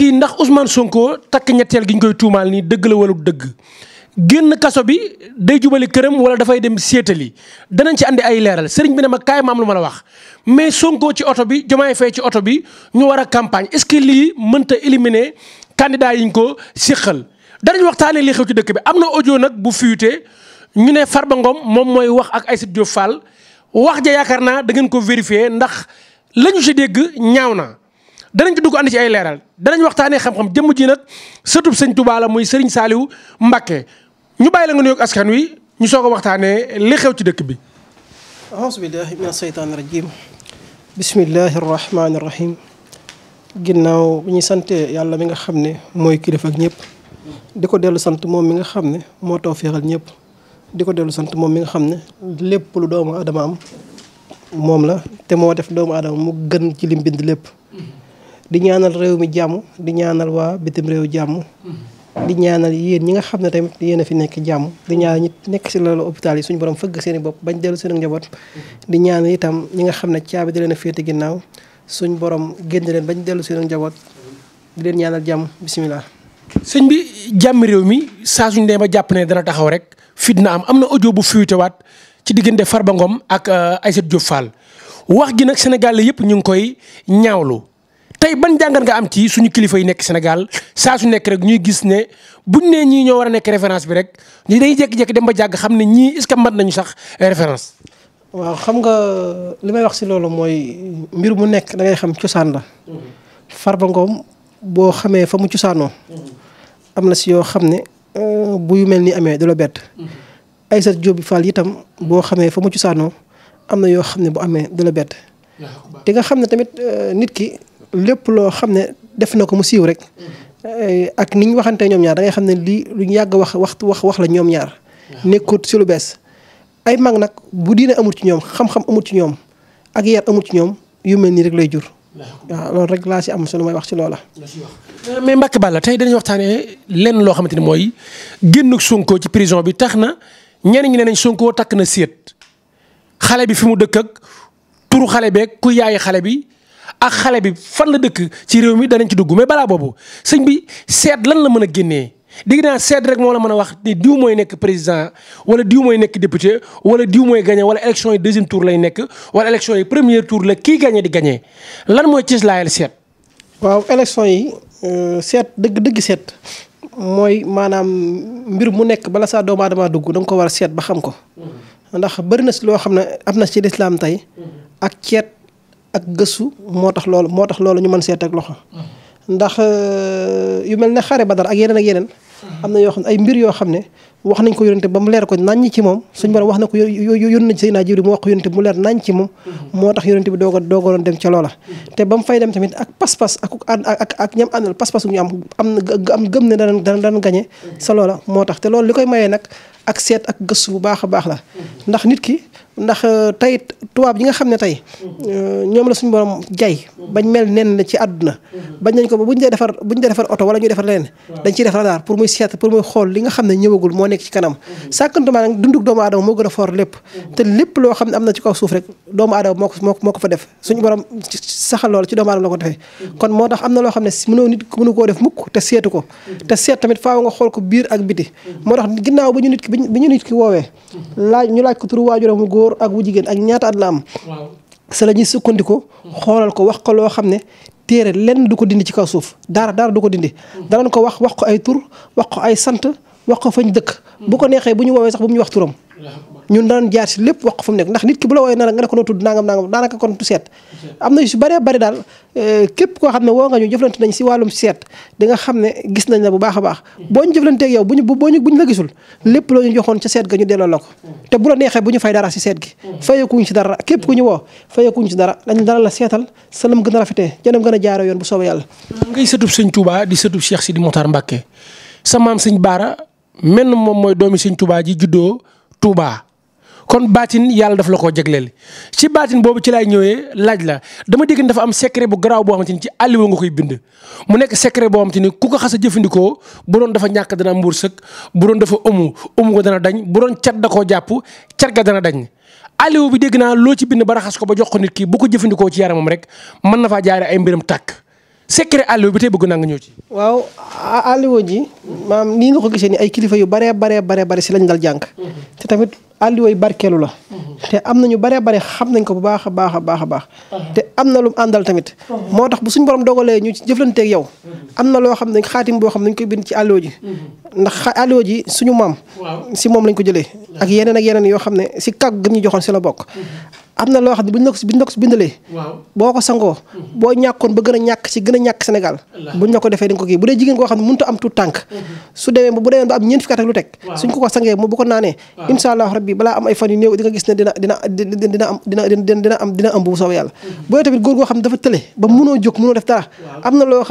mbokk yi ndax Ousmane Sonko takk ñetteel gi ñu koy tuumaal nii dëgg la wala dëgg génn kaso bi day jubali këram wala dafay dem séetali danañ ci àndi ay leeral sëriñ bi ne ma kaay maam lu ma la wax mais Sonko ci oto bi Diomaye Faye ci oto bi ñu war a campagne est-ce que lii mënta éliminer candidat yiñ ñu ko siqal danañ waxtaanee li xew ci dëkk bi am na audio nag bu fuité ñu ne Farba Ngom moom mooy wax ak ay Diop Fall wax ja yaakaar naa da ngeen ko vérifier ndax la ñu si dégg ñaaw na danañ ci dugg andi ci ay leeral danañ waxtaanee xam-xam jëmm ji nag sëtub sëñ tubaala la muy Serigne Saliou Mbacké ñu bàyyi la nga nuyoog askan wi ñu soog a waxtaanee li xew ci dëkk bi. aouzu billahi mina shaytaani rajim bismillahi rahmaani rahim ñu sante yàlla mi nga xam ne mooy kilifa ak ñëpp. di ko dellu sant moom mi nga xam ne moo taw féexal ñëpp di ko dellu sant moom mi nga xam ne lépp lu doomu aadama am moom la te moo def doomu aadama mu gën ci li bind lépp di ñaanal réew mi jàmm di ñaanal waa bitim réew jàmm. di ñaanal yéen ñi nga xam ne tamit yéen a fi nekk jàmm di ñaanal ñi nekk si loolu hôpital yi suñu borom fëgg seen bopp bañ dellu seen njaboot. di ñaanal itam ñi nga xam ne caabi di leen féete ginnaaw suñu borom génn leen bañ dellu seen njaboot di leen jàmm bisimilah. sëñ bi jàmm réew mi saa suñu nee ba jàpp ne dana taxaw rek fitna am am na audio bu fiyutewaat ci diggante Farba Ngom ak euh, Aïssatou Diop Fall wax gi nag Sénégal yëpp ñu ngi koy ñaawlu. tey ban jàngat nga am ci suñu kilifa yu nekk Sénégal saa su nekk rek ñuy gis ne buñ nee ñii ñoo war a nekk référence bi rek ñu day jekki jékki dem ba jàgg xam ne ñii est-ce nañu sax référence. waaw xam nga li may wax si loolu mooy mbir mu nekk da xam cosaan la. Farba boo xamee fa mu cosaanoo. am na si yoo xam ne euh, bu mel ni amee du la bett. Aïssatou itam boo xamee fa mu cosaanoo am na yoo xam ne bu amee du la bett. te nga xam ne tamit euh, nit ki lépp loo xam ne def na ko mu siiw rek eh, ak ni ñu waxante ñoom ñaar da xam ne lii lu ñu yàgg wax wax wax wax la ñoom ñaar nekkut si lu bees ay mag nag bu diine amul ci ñoom xam-xam amul ci ñoom ak yar amul ci ñoom yu mel nii rek lay jur waaw loolu rek laa si am solo may wax ci loola. mais Mbacke Balla tey dañuy waxtaanee lenn loo xamante ni mooy génn Sonko ci prison bi tax na ñenn ñi ne nañ sunkoo takk na séet xale bi fi mu dëkk ak turu xale beeg ku yaayi xale bi. ak xale bi fan la dëkk ci réew mi danañ ci dugg mais balaa boobu sëñ bi seet lan la mën a génnee digg naa seet rek moo la mën a wax di diw mooy nekk président wala diw mooy nekk député wala diw mooy gagné wala élection yi deuxième tour lay nekk wala élection yi premier tour la kii gagné di gagné lan mooy cëslaayal seet. waaw élection yi euh, seet dëgg dëgg seet mooy maanaam mbir mu nekk bala saa doomu aadama dugg da ko war a seet ba xam ko. Mm-hmm. ndax bëri na si loo xam ne am na si lislaam tey. Mm-hmm. ak ceet ak gëstu moo tax loolu moo tax loolu ñu mën see teg loxo. ndax euh, yu mel ni xare Badar ak yeneen ak yeneen. Mm-hmm. am na yoo xam ne ay mbir yoo xam ne wax nañ ko yonente ba mu leer ko nañ ci moom suñu borom wax na ko yón nañ Seydina Jibril mu wax ko yonente bi mu leer nañ ci moom moo tax yonente bi doog a doogaloon dem ca loola te ba mu fay dem tamit ak pas-pas ak ak ak ñam àndal pas-pas ñu am am am gëm ne daan daan daan gañe sa loola moo tax te lool li koy mayee nag ak seet ak gëstu bu baax a baax la ndax nit ki ndax euh, tey tubaab yi nga xam ne tey mm-hmm. euh, ñoom la suñu borom jay bañ mel nen la ci àdduna mm-hmm. bañ nañ ko ba buñ dee defar oto wala ñu defar leneen dañ ciy def radar pour muy seet pour muy xool li nga xam ne ñëwagul moo nekk ci kanam mm-hmm. sàkkantumaa nag dundug doomu aadama moo gën a foor lépp mm-hmm. te lépp loo xam ne am na ci kaw suuf rek doomu aadama moo ko moo ko fa def suñu borom saxal loolu ci doomu aadama kon moo tax am na loo xam ne mënoo nit mënu koo def mukk te seetu ko te seet tamit faaw nga xool ko biir ak biti moo tax ginnaaw ba ñu nit ki bi ñu nit ki woowee laaj ñu laaj ko turu waajuram mu góor ak wu jigéen ak ñaata at am sa la ñuy sukkandiku. xoolal ko wax ko loo xam ne téere lenn du ko dindi ci kaw suuf dara dara du ko dindi. danañ ko wax wax ko ay tur wax ko ay sant. wax ko fañ dëkk. bu ko neexee bu ñu woowee sax bu mu ñu wax ñun daan jaar si lépp wax ko fa nekk ndax nit ki bu la wooyee nara nga ne ko noo tudd nangam nangam daanaka kon euh, koo xam ne woo nga ñu jëflante nañ si wàllum seet ne gis nañ la bu baax a baax. boo ñu jëflanteeg bu ñu bu ñu la gisul lépp loo ñu seet la ko. te bu la neexee bu ñu fay dara si seet si dara képp ku la seetal sa a rafetee jënam gën a jaaroo yoon bu soobee yàlla. ngay sëtub sëñ Touba di sëtub Cheikh Sidi Mokhtar sa maam sëñ Baara menn moom mooy doomi siñ Touba ji juddoo Touba kon baatin yàlla daf la koo jagleel ci baatin boobu ci laay ñëwee laaj la dama dégg dafa am secret bu garaaw boo xamante ni ci àlliwa nga koy bind mu nekk secret boo xamante ni ku ko xas a jëfandikoo bu doon dafa ñàkk dana mbuur sëkk bu doon dafa ëmu ëmu ko dana dañ bu doon cat da koo jàpp car ga dana dañ àlliwa bi dégg naa loo ci bind ba raxas ko ba jox ko nit ki bu ko jëfandikoo ci yaramam rek mën na faa jaare ay mbiram tàkk secret àlluwa bi tey bëgg naa nga ñëw ci. waaw àlluwa ji maam nii nga ko gisee ni ay kilifa yu baree baree bare bare si lañ dal jàng. te tamit àlluwa yi barkeelu la. te am na ñu baree bare xam nañ ko bu baax a baax a baax a baax. te am na lu àndal tamit. moo tax bu suñu borom dogalee ñu ci jëflanteeg yow. am na loo xam ne xaatim boo xam ne dañ koy bind ci àlluwa ji. ndax xa ji suñu maam. si moom lañ ko jëlee. ak yeneen ak yeneen yoo xam ne si kàgg gi ñu joxoon bokk. am na loo xam ne bu ñu la ko si bu ñu mhm. la mhm.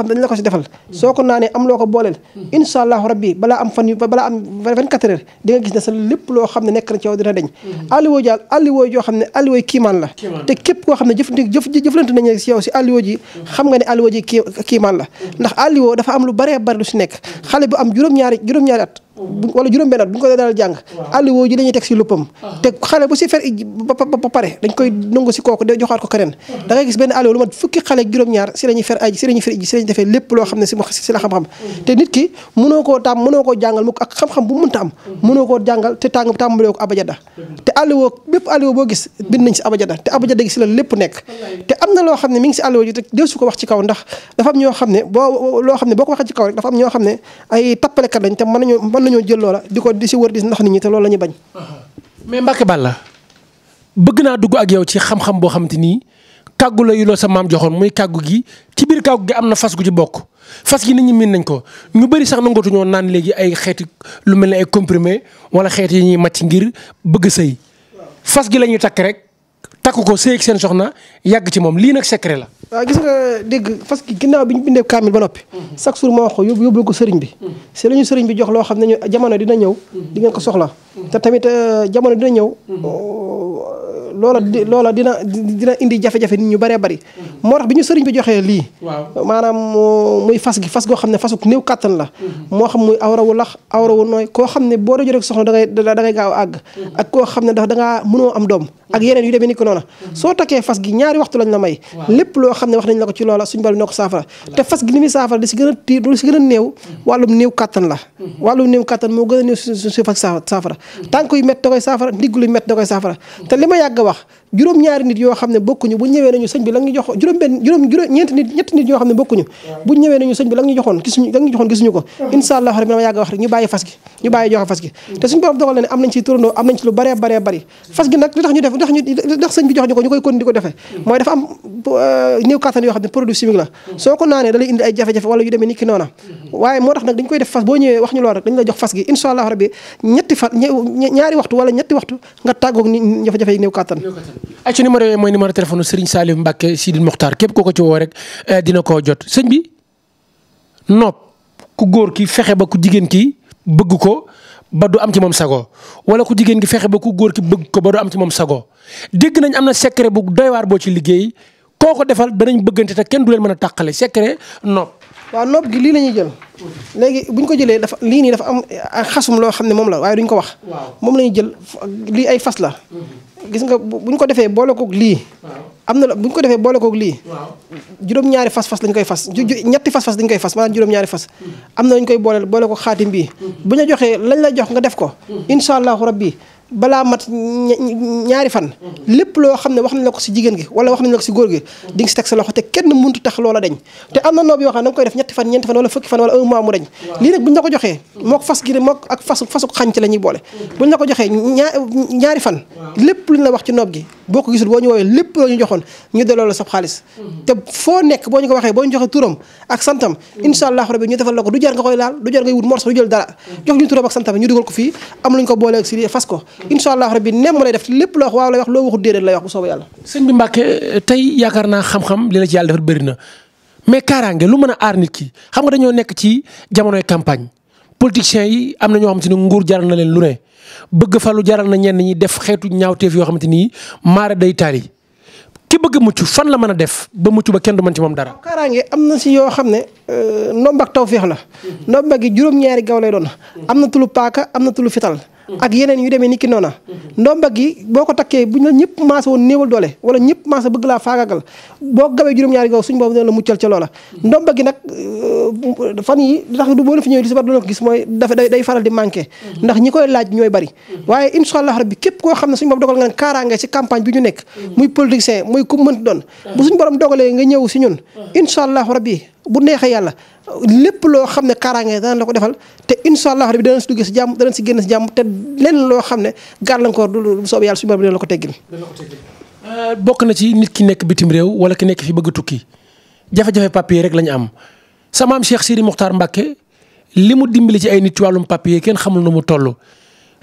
dañ la ko si defal. Mhm. soo ko naanee am loo ko booleel. incha rabbi balaa am fan yu balaa am 24 heures di gis ne sa lépp loo xam ne nekk na ci dina deñ. alliwoo jaal alliwoo joo xam ne alliwoo kiimaan la te képp koo xam ne jëf jëf jëflante nañu si yow si alliwo ji mm-hmm. xam nga ne alliwo ji kii kiimaan la mm-hmm. ndax alliwo dafa am lu baree bari lu si nekk mm-hmm. xale bu am juróom-ñaari juróom-ñaari at wala juróom-benn at bu ñu ko daal jàng àlli woo ji la ñuy teg si luppam ah. te xale bu si fer ba pare dañ koy nangu si kooku de joxaat ko keneen ah. da gis benn àlli lu mat fukki xale juróom-ñaar si la ñuy fer ay ji si la ñuy fer ij si la ñuy defee lépp loo xam ne si si la xam-xam nekk te am na loo xam ne mi ngi si àlli woo ji te ko wax ci kaw ndax dafa am ñoo xam ne boo ko waxee ci kaw rek dafa am ñoo xam ne ay tappalekat lañ te mën nañu nañoo jël loola di ko di si wër di ndax nit ñi te loolu la ñu bañ. mais Mbacke Balla bëgg naa dugg ak yow ci xam-xam boo xam te ni kàggu la yu loo sa maam joxoon muy kàggu gi ci biir kàggu gi am na fas gu ci bokk fas gi nit ñi miin nañ ko ñu bëri sax nangootuñoo naan léegi ay xeeti lu mel ne ay comprimé wala xeet yi ñuy màcc ngir bëgg sëy fas gi la takk rek takk ko séy ak seen soxna yàgg ci moom lii nag secret la. waaw gis dégg parce que bi ñu bindee kaamil ba noppi. chaque jour ma wax ko yóbbu yóbbu ko sëriñ bi. si la sëriñ bi jox loo xam ne jamono dina ñëw. di ko soxla. te tamit euh, jamono dina ñëw. Mm-hmm. Euh, loola di loola dina dina indi jafe-jafe nit ñu bëree bëri mm-hmm. moo tax bi ñu sëriñ bi joxee lii maanaam muy fas gi fas goo xam ne fasuk néew kàttan la mm-hmm. moo xam muy awrawu lax awrawu nooy koo xam ne boo dajoo rek soxna da ngay da ngay gaaw àgg mm-hmm. ak koo xam ne dafa da ngaa mënoo am doom ak yeneen yu demee ni ko noona soo takkee fas gi ñaari waxtu lañ la may lépp loo xam ne wax nañ la ko ci loola suñu bal bi ko saafara te fas gi a tiir a néew wàllum néew kàttan la wàllum néew kàttan moo gën a néew su fas saafara tànk yu métt da koy saafara ndigg lu métt da koy saafara te li ma yàgg wax juróom-ñaari nit yoo xam ne bokkuñu bu ñëwee nañu sëñ bi la jox juróom benn ñeenti nit ñetti nit yoo xam ne bokkuñu bu ñëwee wax ñu lool rek dañ la jox fas ñaari waxtu wala ñetti waxtu nga tàggoog ni jafe-jafe yi néew kattan ay ci numéro yooyu mooy numéro téléphone Serigne mbakke Mbacke Sidil Mokhtar képp koo ko ci woo rek eh, dina koo jot sëñ bi nopp ku góor ki fexe ba ku jigéen ki bëgg ko ba du am ci moom sago wala ku jigéen ki fexe ba ku góor ki bëgg ko ba am ci moom sago dégg nañ am na secret bu doy boo ci liggéey koo ko defal danañ bëggante te kenn du leen mën a tàqale secret nopp. waaw nopp gi lii la ñuy jël léegi bu ñu ko jëlee dafa lii nii dafa am eh, xasum loo xam ne moom la waaye duñ ko wax. moom la ñuy jël lii ay fas la. Mhm. gis nga bu ñu ko defee boole koog lii. am na la bu ñu ko defee boole koog lii. juróom-ñaari fas fas lañ koy fas. ñetti fas fas dañ koy fas maanaam juróom-ñaari fas. Hmm. am na lañ koy booleel boole koog xaatim bi hmm. bu ñu joxee lañ la jox nga def ko. Hmm. incha allahu bii balaa mat ñaari fan mm-hmm. lépp loo xam ne wax nañ la ko si jigéen gi wala wax nañ la ko si góor gi di nga si teg sa loxo te kenn mënut tax loola dañ mm-hmm. te am na noob yoo xam ne da nga koy def ñetti fan ñeenti fan wala fukki fan wala un ko joxee mm-hmm. mook fas gi mook ak fas la wax ci noob gi boo ko gisul boo ñu woowee lépp loo ñu joxoon ñu delloo la sab xaalis te foo nekk boo boo ñu joxee turam ak ko du jar nga koy laal du jar ngay du jël dara jox ñu turam ak santam ñu dugal ko fii am luñ ko boolee ak si fas ko incha allah rabbi nem mu lay def lépp loo wax waaw lay wax loo waxul déedéet lay wax bu soobee yàlla. sëñ bi Mbacke tey yaakaar naa xam-xam li la ci yàlla defar bëri na mais kaaraange lu mën a aar nit ki xam nga dañoo nekk ci jamonoy campagne politiciens yi am na ñoo xamante ni nguur jaral na leen lu ne bëgg falu jaral na ñenn ñi def xeetu ñaawteef yoo xamante ni maara day taali ki bëgg mucc fan la mën a def mucc ba kenn du mën ci moom dara. kaaraange am na si yoo xam ne euh, ndombak tawféex la mm-hmm. ndombak gi juróom-ñaari gaw lay doon am na tulu paaka am na tulu fital ak yeneen yu demee ni ki noona ndomba gi boo ko takkee bu ñëpp maasa woon néewal doole wala ñëpp maasa bëgg laa faagagal boo gawee juróom-ñaari gaaw suñ boobu dina la euh, du boo la fi ñëwee li si bat doona ko gis mooy dafa koy laaj ñooy bari waaye incha allah rabbi képp koo xam ne suñ boobu dogal nga ne kaaraange bi ñu nekk muy politicien muy ku mënti doon bu suñ borom dogalee nga ñëw si ñun incha allah rabbi bu neexee yàlla lépp loo xam ne kaaraange danañ la ko defal te incha allah la danañ si duggee si jàmm danañ si génn si te lenn loo xam ne gàllankoor du bu soobee yàlla suñu borom dina la ko teggil. dina la ko teggil euh, bokk na ci nit ki nekk bitim réew wala ki nekk fi bëgg tukki jafe-jafe papier rek la am sama am Cheikh Sidi Mokhtar li mu dimbali ci ay nit ci wàllum papier kenn xamul nu mu toll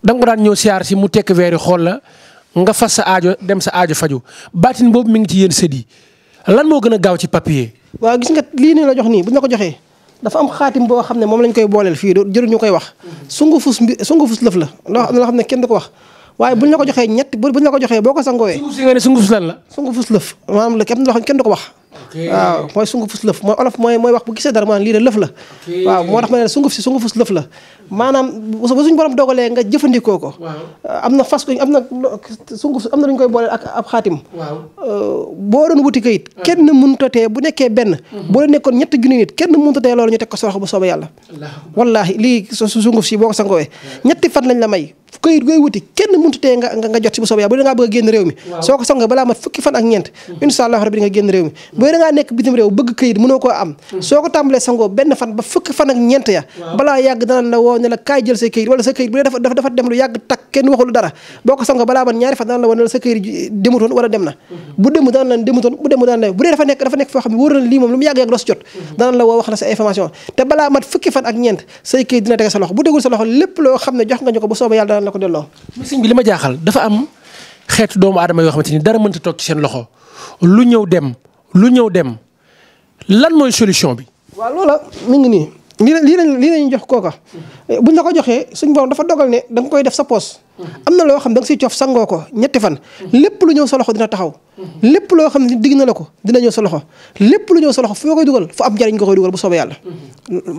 danga ko daan ñëw siyaar si mu tekk weer yi xool la nga fas sa aajo dem sa aajo faju baatin boobu mu ngi ci yéen sët lan moo gën a gaaw ci papier. waa gis nga lii nii la jox nii bu ñu la ko joxee dafa am xaatim boo xam ne moom lañ koy booleel fii do jëruñu koy wax sungufus mbi sungufus lëf la loo xam ne kenn du ko wax waaye buñ la ko joxee ñett buñ la ko joxee boo ko sangoo sangoowee sungufus lan la sungufus lëf maanaam la kenn du ko wax waaw mooy sungufus lëf mooy olof mooy mooy wax bu gisee dara maanaam lii de lëf la waaw moo tax ma ne sunguf si sungufus la maanaam ba suñ borom dogalee nga jëfandikoo ko am na fas am na sunguf am na lu ñu koy booleel ak ab xaatim euh, boo doon wuti kayit ah. kenn mënutatee bu nekkee benn mhm. boo doon nekkoon ñetti kenn mënutatee loolu ñu teg ko sorox bu soobee yàlla wallaahi lii sunguf si la may këyit gooy wuti kenn mënut tee nga nga jot si bu soobee yàlla bu da ngaa bëgg a génn réew mi soo ko sangoo balaa mat fukki fan ak ñeent mhm. incha allah rabbi nga génn réew mi bu nekk bitim réew hmm. ko tàmbalee sangoo benn fan ba fukki fan ak ñeent ya balaa yàgg dana la woo ne la kaay jël sa dee dafa dem lu yàgg takk kenn waxul dara boo ko sangoo balaa man ñaari na hmm. bu dem dana nekk foo xam ne na lii moom lu mu yàgg yàgg doo si jot hmm. dana la woo wax la sa information te balaa mat fukki fan ak ñeent say loo xam ne jox nga ñu ko bu soobee yàlla dana la ko delloo sëñ bi li ma jaaxal dafa am xeetu doomu aadama yoo xamante ni dara mënta toog ci seen loxo lu ñëw dem lu ñëw dem lan mooy solution bi. waaw loola mi ngi nii lii la lii la ñuy jox kooka buñ la ko dafa dogal ne da koy def sa poos. am na loo xam da nga coof sangoo ko ñetti fan. lépp lu ñëw sa loxo dina na la ko dina ñëw sa loxo lépp lu foo am njariñ nga dugal bu soobee yàlla.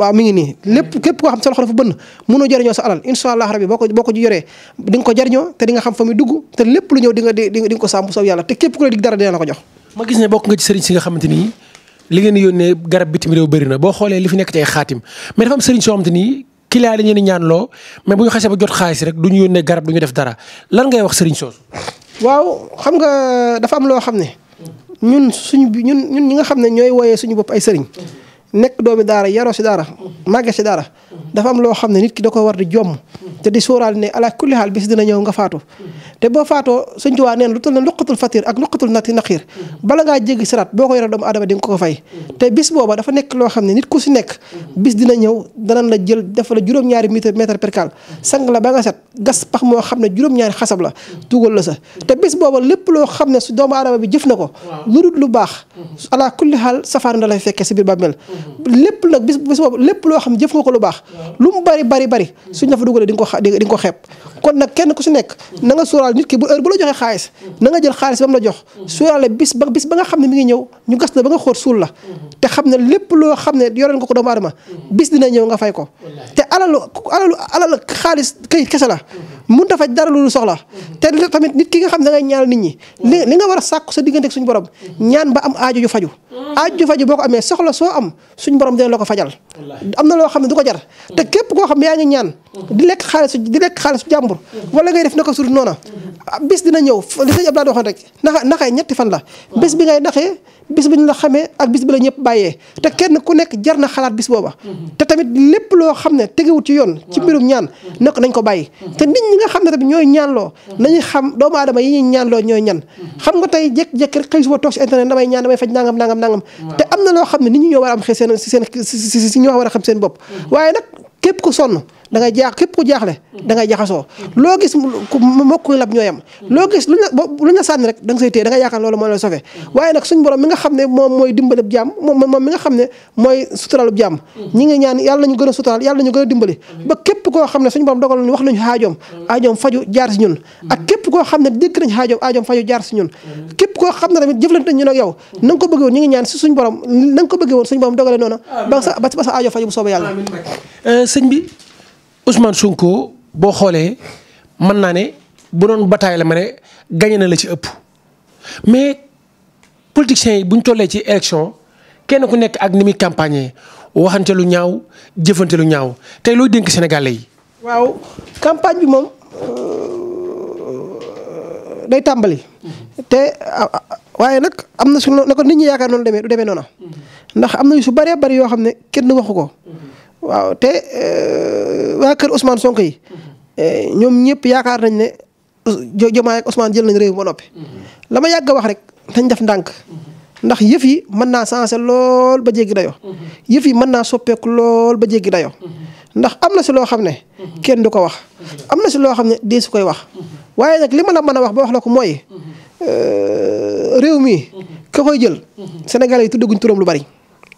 waaw mi ngi nii lépp képp koo xam sa loxo dafa bënn mënoo jëriñoo sa alal incha allah rabi boo ko boo ko yoree di nga ko jëriñoo te di nga xam fa muy dugg te lépp lu ñëw di ko sàmm bu soobee yàlla te képp la dig dara dina ko jox ma gis ne bokk nga ci sëriñ si nga xamante ni li ngeen di yónnee garab bi réew bëri na boo xoolee li fi nekk ci ay xaatim mais dafa am sëriñ soo ñaan loo mais bu ñu ba jot xaalis rek du ñu yónnee garab du ñu def dara lan ngay wax sëriñ soosu. waaw xam nga dafa am loo xam ne ñun suñu ñun ñun ñi nga xam ne ñooy wooyee suñu bopp ay sëriñ nekk doomi daara yaroo si daara màgge si daara dafa am loo xam ne nit ki da ko war di jomm te di sóoraal ne ala kulli xaal bis dina ñëw nga faatu te boo faatoo sëñ Tuubaa neen na luqatul fatir ak luqatul nati naxiir bala bis booba loo xam ne nit ku si nekk bis dina ñëw danañ la jël dafa la juróom-ñaari mètre mètre percal sang la ba nga set gas pax moo xam ne juróom-ñaari xasab la dugal la sa te bis booba lépp loo xam ne su doomu aadama bi jëf na ko lu baax ala kulli xaal safaan da lay si biir bàmmeel lépp nag bis bis lépp loo xam ne jëf nga ko lu baax lu mu bari bari bari suñ la fa dugalee di nga ko di nga ko xeeb kon nag kenn ku si nekk na nga sóoraal nit ki bu heure bu la joxee xaalis mm-hmm. na nga jël xaalis ba mu la jox mm-hmm. sóoraale bis ba bis ba nga xam ne mi ngi ñëw ñu gas la ba nga xóot suul la mm-hmm. te xam ne lépp loo xam ne yoreen nga ko doomu aadama bis dina ñëw nga fay ko te alalu alalu alal xaalis kay kese la mënut a faj dara loolu soxla te tamit nit ki nga xam ne ngay ñaanal nit ñi li nga war a sàkku sa diggante ak suñu borom ñaan ba am aajo ju faju aajo ju faju boo ko amee soxla soo am suñu borom dina la ko fajal am na loo xam ne du ko jar te képp koo xam ne yaa ngi ñaan di lekk xaalis di lekk xaalis jàmbur wala ngay def naka suuf noona bis dina ñëw li sëñ Abdoulaye waxoon rek naxa naxee ñetti fan la bis bi ngay naxee bis bi ñu la xamee ak bis bi la ñëpp bàyyee te kenn ku nekk jar na xalaat bis booba mm-hmm. te tamit lépp loo xam ne tegewut ci yoon ci mbirum ñaan mm-hmm. nak nañ ko bàyyi nga xam ne tamit ñooy ñaan ñaanloo nañu xam doomu aadama yi ñaan ñaanloo ñooy ñan xam nga tey jekk jékki rek xëy suba toog si internet damay ñaan damay faj nangam nangam nangam te am na loo xam ne nit ñi ñoo war a am xel seen seen si ñoo war a xam seen bopp mm-hmm. waaye nag képp ku sonn da ngay jaax képp ku jaaxle da ngay jaxasoo loo gis mokku lab ñooyam loo gis luñ lu ñu sànni rek da nga say téye da nga yaakaar loolu moo la sofe waaye nag suñ borom mi nga xam ne moom mooy dimbalab jaam moom moom mi nga xam ne mooy suturalub jaam ñi ñaan yàlla nañu gën a sutural yàlla nañu gën ba képp koo xam ne suñu borom dogal nañu wax nañu xaajoom aajoom faju jaar si ak képp koo xam ne dégg nañu xaajoom aajoom faju jaar si ñun képp koo xam na nga ko bëggee woon ñi ngi ñaan si suñ borom ko bëggee woon suñu borom dogale noonu ba sa ba sa aajo faju bu soobee yàlla euh, sëñ bi Ousmane Sonko boo xoolee mën naa ne bu doon bataille la ma ne gañe na la ci ëpp mais politiciens yi bu ñu tollee ci élection kenn ku nekk ak ni muy campagne waxante lu ñaaw jëfante lu ñaaw tey looy dénk Sénégalais yi. waaw campagne bi moom euh, day tàmbali. te waaye nag am na su na ko nit ñi yaakaar noonu demee du demee noonu. ndax am na su baree bëri yoo xam ne kenn waxu ko. waaw te euh, waa kër Ousmane Sonko mhm. euh, ñoom ñëpp yaakaar nañ ne Diomaye ak Ousmane jël nañ réew ba noppi. Mhm. la ma yàgg a wax rek dañ def ndànk. Mhm. ndax yëf yi mën naa changé lool ba jéggi dayoo. mën naa soppeeku lool ba jéggi dayoo. ndax am na si loo xam ne. kenn du ko wax. am na si loo xam ne dee su koy wax. waaye nag li ma la mën a wax ba wax la ko mooy. Euh, réew mi ka koy jël. Sénégalais yi tuddaguñ turam lu bari.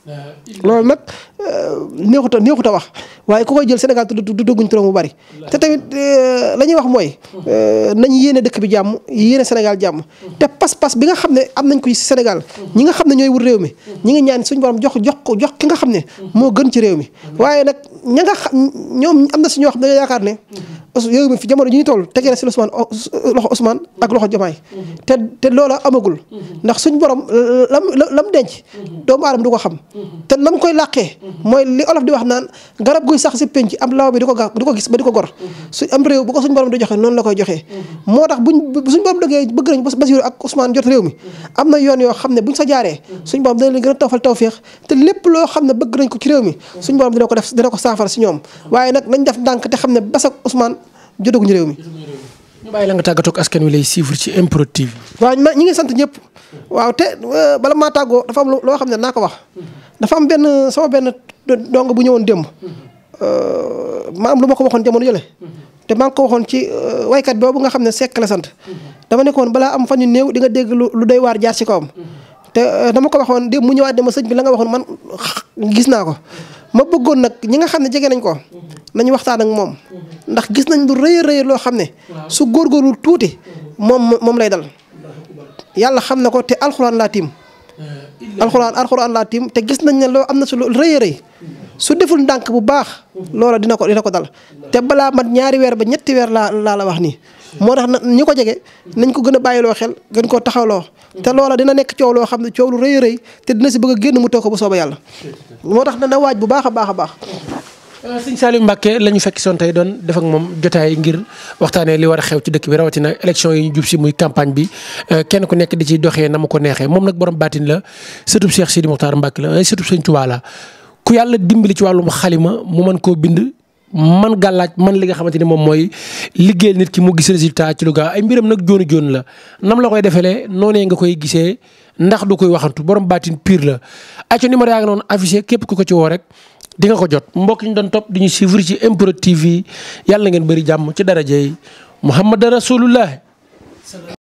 Euh, loolu nag euh, neexut a neexut a wax waaye ku koy jël Sénégal du dugguñ turam bu bari. te tamit euh, la ñuy wax mooy. nañ yéene dëkk bi jàmm yéene Sénégal jàmm. te pas-pas bi nga xam ne am nañ ko ci Sénégal. ñi nga xam ne ñooy wut réew mi. ñi ngi ñaan suñu borom jox jox ko jox ki nga xam ne. moo gën ci réew mi waaye nag. ña nga xam ñoom am na si ñoo xam dañoo yaakaar ne. yooyu mi fi jamono ji ñu toll tegee na si Ousmane loxo Ousmane ak loxo Jomaay. te te loola amagul. ndax suñ borom lam denc. doomu aadama du ko xam. te nam koy làqee. mooy li olof di wax naan garab guy sax si penc am ba di ko la koy joxe. moo tax buñ suñ borom dëggee bëgg nañ Basiru ak Ousmane jot réew mi am na yoon yoo xam ne buñ sa jaaree. suñ borom dina leen gën a tawfal tawféex te lépp loo xam ne bëgg nañ ko ci réew mi suñ borom dina ko def dina ko saafara si ñoom waaye nag nañ def ndànk te xam ne Bass ak Ousmane jotaguñu réew mi. ñu la nga tàggatoo ak askan wi lay suivre ci MPROD TV. waaw ma ñu ngi sant ñëpp waaw te euh, bala maa tàggoo dafa am loo xam ne naa ko wax dafa am benn sama benn dong bu ñëwoon démb euh, ma lu ma ko waxoon jamono yële. te maa ngi ko waxoon ci euh, waykat boobu nga xam ne sekk la sant dama nekkoon balaa am fan yu néew di nga dégg lu doy waar jaar ci kawam. te eh, dama ko waxoon de mu ñëwaat ne ma sëñ bi la nga waxoon man gis naa ko ma bëggoon nag ñi nga xam ne jege nañ ko nañu waxtaan ak moom ndax gis nañ lu rëy a loo xam ne su góorgóorlu tuuti moom moom lay dal yàlla xam na ko te alxuraan laa tiim alxuraan alxuraan laa tiim te gis nañ ne loo am na su lu rëy a su deful ndànk bu baax loola dina ko dina ko dal te balaa mat ñaari weer ba ñetti weer laa laa la wax nii moo tax ñi ko jege nañ ko gën a bàyyiloo xel gën koo taxawloo te loola dina nekk coow loo xam ne coow lu rëy a rëy te dina si bëgg a génn mu toog ko ba sooba yàlla moo tax na waaj bu baax a baax a baax euh, sëñ Saliou Mbacke la ñu fekk soon tey doon def ak moom jotaay ngir waxtaanee li war a xew ci dëkk bi rawatina élection yi ñu jub si muy campagne bi euh, kenn ku nekk di ci doxee na ma ko neexee moom nag borom baatin la sëtub Cheikh Sidi Mokhtar Mbacke la ay sëtub sëñ Touba la ku yàlla dimbali ci wàllum xalima mu mën koo bind man gàllaaj man li nga xamante ni moom mooy liggéeyal nit ki mu gis résultat ci lu gaaw ay mbiram nag joonu joonu la nam la koy defee defelee noonee nga koy gisee ndax du koy waxantu borom baatin piir la. ayca numéro yaa ngi noonu affiché képp ku ko ci woo rek di nga ko jot mbokk ñu doon topp du ñu suivre ci yàlla ngeen bari jàmm ci dara darajey Muhammad Rasulullah